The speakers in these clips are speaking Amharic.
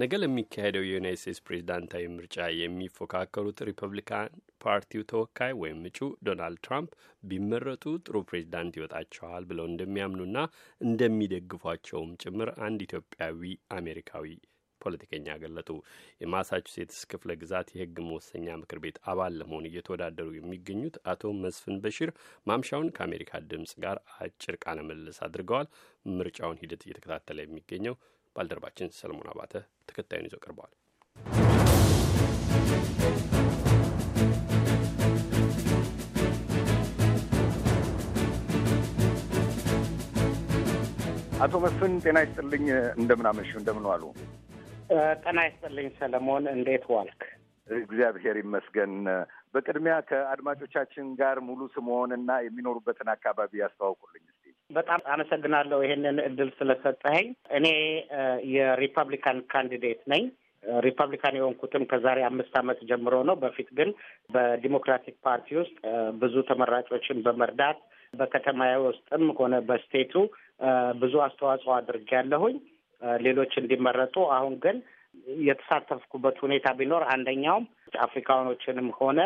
ነገ ለሚካሄደው የዩናይት ስቴትስ ፕሬዚዳንታዊ ምርጫ የሚፎካከሩት ሪፐብሊካን ፓርቲው ተወካይ ወይም እጩ ዶናልድ ትራምፕ ቢመረጡ ጥሩ ፕሬዚዳንት ይወጣቸዋል ብለው እንደሚያምኑና እንደሚደግፏቸውም ጭምር አንድ ኢትዮጵያዊ አሜሪካዊ ፖለቲከኛ ገለጡ። የማሳቹሴትስ ክፍለ ግዛት የህግ መወሰኛ ምክር ቤት አባል ለመሆን እየተወዳደሩ የሚገኙት አቶ መስፍን በሽር ማምሻውን ከአሜሪካ ድምፅ ጋር አጭር ቃለ ምልልስ አድርገዋል። ምርጫውን ሂደት እየተከታተለ የሚገኘው ባልደረባችን ሰለሞን አባተ ተከታዩን ይዞ ቀርበዋል። አቶ መስፍን ጤና ይስጥልኝ። እንደምን አመሹ? እንደምን ዋሉ? ጤና ይስጥልኝ ሰለሞን፣ እንዴት ዋልክ? እግዚአብሔር ይመስገን። በቅድሚያ ከአድማጮቻችን ጋር ሙሉ ስምዎንና የሚኖሩበትን አካባቢ ያስተዋውቁልኝ በጣም አመሰግናለሁ ይሄንን እድል ስለሰጠኸኝ። እኔ የሪፐብሊካን ካንዲዴት ነኝ። ሪፐብሊካን የሆንኩትም ከዛሬ አምስት አመት ጀምሮ ነው። በፊት ግን በዲሞክራቲክ ፓርቲ ውስጥ ብዙ ተመራጮችን በመርዳት በከተማ ውስጥም ሆነ በስቴቱ ብዙ አስተዋጽኦ ያለሁኝ። ሌሎች እንዲመረጡ አሁን ግን የተሳተፍኩበት ሁኔታ ቢኖር አንደኛውም አፍሪካኖችንም ሆነ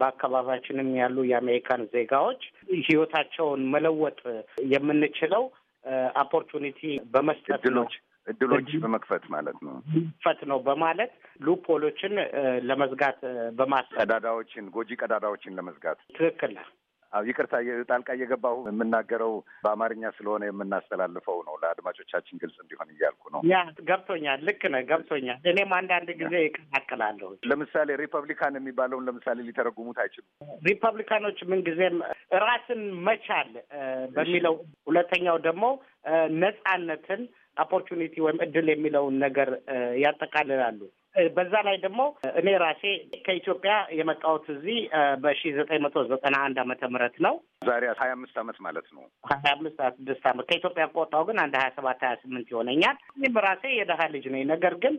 በአካባቢያችንም ያሉ የአሜሪካን ዜጋዎች ህይወታቸውን መለወጥ የምንችለው ኦፖርቹኒቲ በመስጠት ነው እድሎች በመክፈት ማለት ነው መክፈት ነው በማለት ሉፖሎችን ለመዝጋት በማሰብ ቀዳዳዎችን፣ ጎጂ ቀዳዳዎችን ለመዝጋት ትክክል ይቅርታ ጣልቃ እየገባሁ የምናገረው በአማርኛ ስለሆነ የምናስተላልፈው ነው። ለአድማጮቻችን ግልጽ እንዲሆን እያልኩ ነው። ያ ገብቶኛል። ልክ ነህ፣ ገብቶኛል። እኔም አንዳንድ ጊዜ ይቀላቅላለሁ። ለምሳሌ ሪፐብሊካን የሚባለውን ለምሳሌ ሊተረጉሙት አይችሉም። ሪፐብሊካኖች ምንጊዜም ራስን መቻል በሚለው ሁለተኛው ደግሞ ነጻነትን ኦፖርቹኒቲ ወይም እድል የሚለውን ነገር ያጠቃልላሉ። በዛ ላይ ደግሞ እኔ ራሴ ከኢትዮጵያ የመጣሁት እዚህ በሺ ዘጠኝ መቶ ዘጠና አንድ አመተ ምህረት ነው። ዛሬ ሀያ አምስት አመት ማለት ነው። ሀያ አምስት ሀያ ስድስት አመት ከኢትዮጵያ ከወጣሁ ግን አንድ ሀያ ሰባት ሀያ ስምንት ይሆነኛል። ይህም ራሴ የደሀ ልጅ ነኝ። ነገር ግን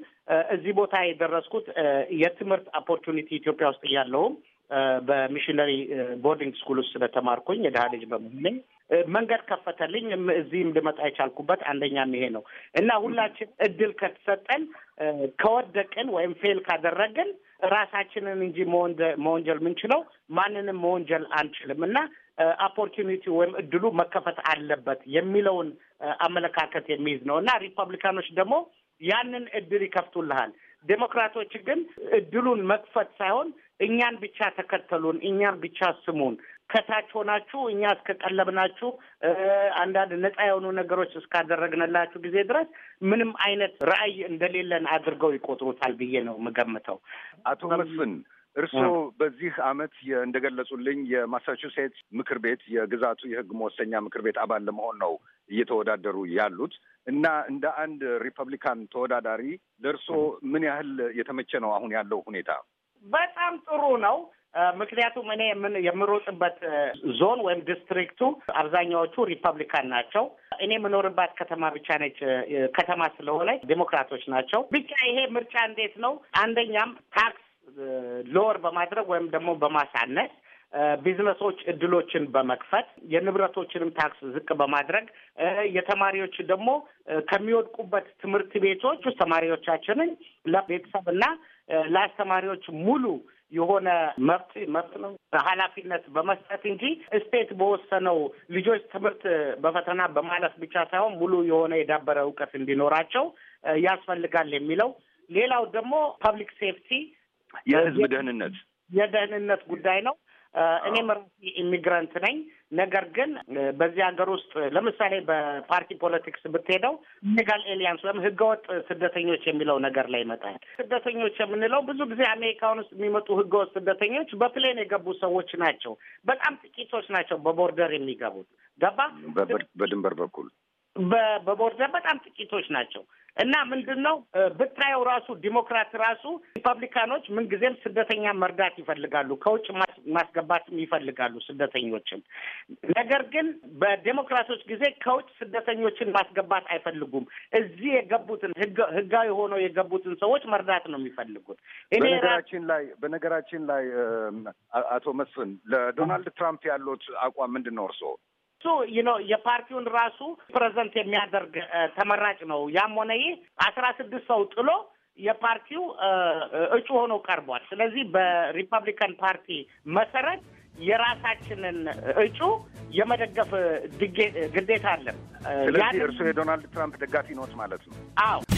እዚህ ቦታ የደረስኩት የትምህርት ኦፖርቹኒቲ ኢትዮጵያ ውስጥ እያለሁም በሚሽነሪ ቦርዲንግ ስኩል ውስጥ ስለተማርኩኝ የድሃ ልጅ በመሆኔ መንገድ ከፈተልኝ። እዚህም ልመጣ የቻልኩበት አንደኛም ይሄ ነው እና ሁላችን እድል ከተሰጠን ከወደቅን ወይም ፌል ካደረግን ራሳችንን እንጂ መወንጀል የምንችለው ማንንም መወንጀል አንችልም እና ኦፖርቹኒቲ ወይም እድሉ መከፈት አለበት የሚለውን አመለካከት የሚይዝ ነው እና ሪፐብሊካኖች ደግሞ ያንን እድል ይከፍቱልሃል። ዴሞክራቶች ግን እድሉን መክፈት ሳይሆን እኛን ብቻ ተከተሉን፣ እኛን ብቻ ስሙን፣ ከታች ሆናችሁ እኛ እስከቀለብናችሁ አንዳንድ ነፃ የሆኑ ነገሮች እስካደረግንላችሁ ጊዜ ድረስ ምንም አይነት ራዕይ እንደሌለን አድርገው ይቆጥሩታል ብዬ ነው የምገምተው። አቶ መስፍን እርስዎ በዚህ አመት እንደገለጹልኝ የማሳቹሴትስ ምክር ቤት የግዛቱ የህግ መወሰኛ ምክር ቤት አባል ለመሆን ነው እየተወዳደሩ ያሉት እና እንደ አንድ ሪፐብሊካን ተወዳዳሪ ለእርስዎ ምን ያህል የተመቸ ነው አሁን ያለው ሁኔታ? በጣም ጥሩ ነው። ምክንያቱም እኔ የምሮጥበት ዞን ወይም ዲስትሪክቱ አብዛኛዎቹ ሪፐብሊካን ናቸው። እኔ የምኖርባት ከተማ ብቻ ነች ከተማ ስለሆነ ዴሞክራቶች ናቸው። ብቻ ይሄ ምርጫ እንዴት ነው? አንደኛም ታክስ ሎወር በማድረግ ወይም ደግሞ በማሳነስ ቢዝነሶች እድሎችን በመክፈት የንብረቶችንም ታክስ ዝቅ በማድረግ የተማሪዎች ደግሞ ከሚወድቁበት ትምህርት ቤቶች ውስጥ ተማሪዎቻችንን ለቤተሰብና ለአስተማሪዎች ሙሉ የሆነ መብት መብት ነው ኃላፊነት በመስጠት እንጂ ስቴት በወሰነው ልጆች ትምህርት በፈተና በማለፍ ብቻ ሳይሆን ሙሉ የሆነ የዳበረ እውቀት እንዲኖራቸው ያስፈልጋል የሚለው ሌላው ደግሞ ፐብሊክ ሴፍቲ የህዝብ ደህንነት የደህንነት ጉዳይ ነው። እኔም ራሴ ኢሚግራንት ነኝ። ነገር ግን በዚህ ሀገር ውስጥ ለምሳሌ በፓርቲ ፖለቲክስ ብትሄደው ሌጋል ኤሊያንስ ወይም ህገወጥ ስደተኞች የሚለው ነገር ላይ ይመጣል። ስደተኞች የምንለው ብዙ ጊዜ አሜሪካን ውስጥ የሚመጡ ህገወጥ ስደተኞች በፕሌን የገቡ ሰዎች ናቸው። በጣም ጥቂቶች ናቸው በቦርደር የሚገቡት ገባ በድንበር በኩል በቦርደር በጣም ጥቂቶች ናቸው እና ምንድን ነው ብታየው ራሱ ዲሞክራት ራሱ ሪፐብሊካኖች ምንጊዜም ስደተኛ መርዳት ይፈልጋሉ፣ ከውጭ ማስገባትም ይፈልጋሉ ስደተኞችን። ነገር ግን በዴሞክራቶች ጊዜ ከውጭ ስደተኞችን ማስገባት አይፈልጉም። እዚህ የገቡትን ህጋዊ ሆነው የገቡትን ሰዎች መርዳት ነው የሚፈልጉት። በነገራችን ላይ በነገራችን ላይ አቶ መስፍን ለዶናልድ ትራምፕ ያሉት አቋም ምንድን ነው እርስዎ? የፓርቲውን ራሱ ፕሬዘንት የሚያደርግ ተመራጭ ነው። ያም ሆነ ይህ አስራ ስድስት ሰው ጥሎ የፓርቲው እጩ ሆኖ ቀርቧል። ስለዚህ በሪፐብሊካን ፓርቲ መሰረት የራሳችንን እጩ የመደገፍ ግዴታ አለን። ስለዚህ እርስዎ የዶናልድ ትራምፕ ደጋፊ ኖት ማለት ነው? አዎ።